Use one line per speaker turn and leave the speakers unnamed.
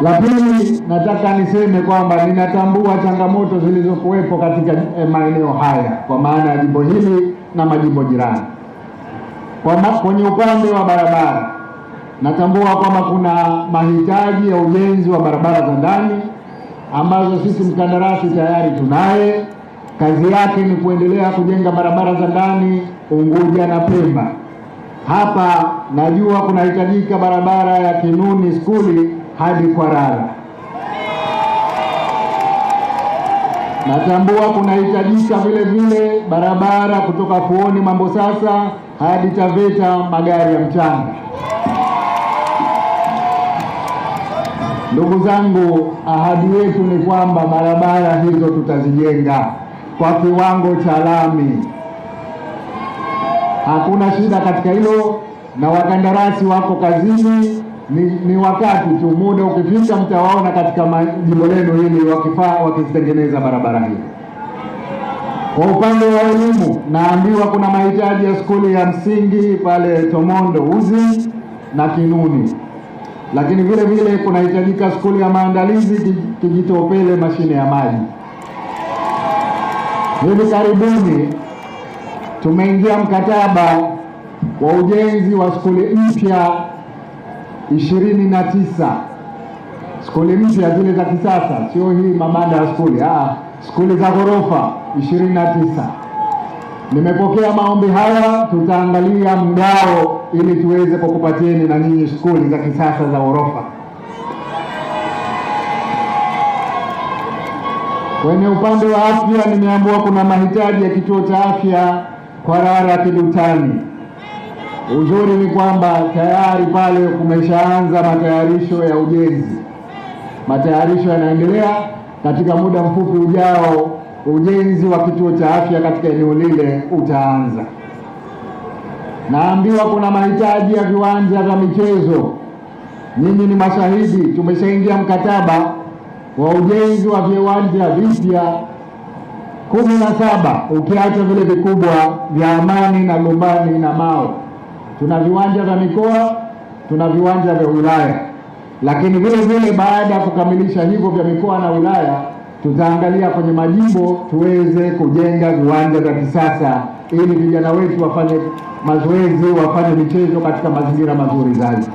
La pili, nataka niseme kwamba ninatambua changamoto zilizokuwepo katika eh, maeneo haya kwa maana ya jimbo hili na majimbo jirani. Kwa kwenye upande wa barabara, natambua kwamba kuna mahitaji ya ujenzi wa barabara za ndani ambazo sisi mkandarasi tayari tunaye. Kazi yake ni kuendelea kujenga barabara za ndani Unguja na Pemba. Hapa najua kunahitajika barabara ya Kinuni Skuli hadi rara Natambua kunahitajika vile vile barabara kutoka Fuoni Mambo Sasa hadi Taveta magari ya mchanga. Ndugu zangu, ahadi yetu ni kwamba barabara hizo tutazijenga kwa kiwango cha lami. Hakuna shida katika hilo, na wakandarasi wako kazini ni, ni wakati tu, muda ukifika mtawaona katika majimbo lenu hili wakifaa wakizitengeneza barabara hii. Kwa upande wa elimu, naambiwa kuna mahitaji ya skuli ya msingi pale Tomondo Uzi na Kinuni, lakini vile vile kunahitajika skuli ya maandalizi Kijitopele mashine ya maji. Hivi karibuni tumeingia mkataba wa ujenzi wa skuli mpya ishirini na tisa skuli mpya zile za kisasa, sio hii mabanda ya skuli, ah, skuli za ghorofa ishirini na tisa. Nimepokea maombi haya, tutaangalia mgao ili tuweze kukupatieni na nyinyi skuli za kisasa za ghorofa. Kwenye upande wa afya, nimeambiwa kuna mahitaji ya kituo cha afya Kwarara Kidutani. Uzuri ni kwamba tayari pale kumeshaanza matayarisho ya ujenzi, matayarisho yanaendelea. Katika muda mfupi ujao, ujenzi wa kituo cha afya katika eneo lile utaanza. Naambiwa kuna mahitaji ya viwanja vya michezo. Nyinyi ni mashahidi, tumeshaingia mkataba wa ujenzi wa viwanja vipya kumi na saba ukiacha vile vikubwa vya Amani na Gombani na Mao. Tuna viwanja vya mikoa, tuna viwanja vya wilaya, lakini vile vile baada ya kukamilisha hivyo vya mikoa na wilaya, tutaangalia kwenye majimbo tuweze kujenga viwanja vya kisasa ili vijana wetu wafanye mazoezi, wafanye michezo katika mazingira mazuri zaidi.